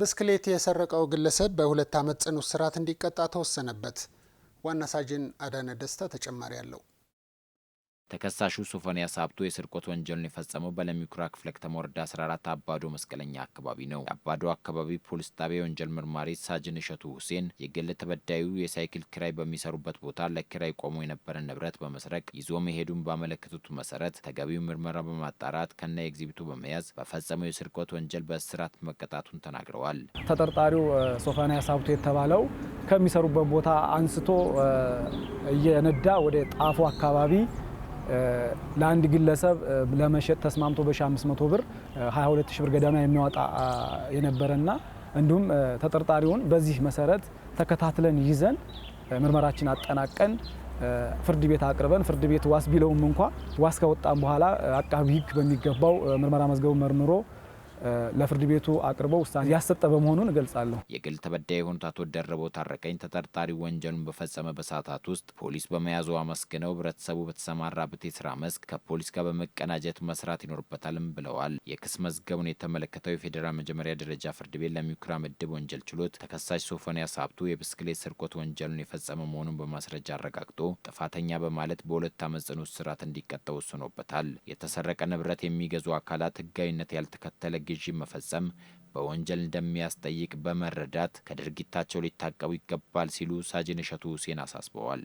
ብስክሌት የሰረቀው ግለሰብ በሁለት ዓመት ጽኑ እስራት እንዲቀጣ ተወሰነበት። ዋና ሳጅን አዳነ ደስታ ተጨማሪ አለው። ተከሳሹ ሶፎንያስ ሀብቱ የስርቆት ወንጀልን የፈጸመው በለሚኩራ ክፍለ ከተማ ወረዳ 14 አባዶ መስቀለኛ አካባቢ ነው። የአባዶ አካባቢ ፖሊስ ጣቢያ የወንጀል ምርማሪ ሳጅን እሸቱ ሁሴን የግል ተበዳዩ የሳይክል ኪራይ በሚሰሩበት ቦታ ለኪራይ ቆሞ የነበረን ንብረት በመስረቅ ይዞ መሄዱን ባመለከቱት መሰረት ተገቢው ምርመራ በማጣራት ከነ ኤግዚቢቱ በመያዝ በፈጸመው የስርቆት ወንጀል በእስራት መቀጣቱን ተናግረዋል። ተጠርጣሪው ሶፎንያስ ሀብቱ የተባለው ከሚሰሩበት ቦታ አንስቶ እየነዳ ወደ ጣፎ አካባቢ ለአንድ ግለሰብ ለመሸጥ ተስማምቶ በ1500 ብር 22000 ብር ገደማ የሚያወጣ የነበረና እንዲሁም ተጠርጣሪውን በዚህ መሰረት ተከታትለን ይዘን ምርመራችን አጠናቀን ፍርድ ቤት አቅርበን ፍርድ ቤት ዋስ ቢለውም እንኳ ዋስ ከወጣም በኋላ አቃቢ ሕግ በሚገባው ምርመራ መዝገቡ መርምሮ ለፍርድ ቤቱ አቅርበው ውሳኔ ያሰጠ በመሆኑን እገልጻለሁ። የግል ተበዳይ የሆኑት አቶ ደረበው ታረቀኝ ተጠርጣሪ ወንጀሉን በፈጸመ በሰዓታት ውስጥ ፖሊስ በመያዙ አመስግነው ህብረተሰቡ በተሰማራበት የስራ መስክ ከፖሊስ ጋር በመቀናጀት መስራት ይኖርበታልም ብለዋል። የክስ መዝገቡን የተመለከተው የፌዴራል መጀመሪያ ደረጃ ፍርድ ቤት ለሚኩራ ምድብ ወንጀል ችሎት ተከሳሽ ሶፎንያስ ሀብቱ የብስክሌት ስርቆት ወንጀሉን የፈጸመ መሆኑን በማስረጃ አረጋግጦ ጥፋተኛ በማለት በሁለት ዓመት ጽኑ እስራት እንዲቀጣ ወስኖበታል። የተሰረቀ ንብረት የሚገዙ አካላት ህጋዊነት ያልተከተለ ግዢ መፈጸም በወንጀል እንደሚያስጠይቅ በመረዳት ከድርጊታቸው ሊታቀቡ ይገባል ሲሉ ሳጅን እሸቱ ሁሴን አሳስበዋል።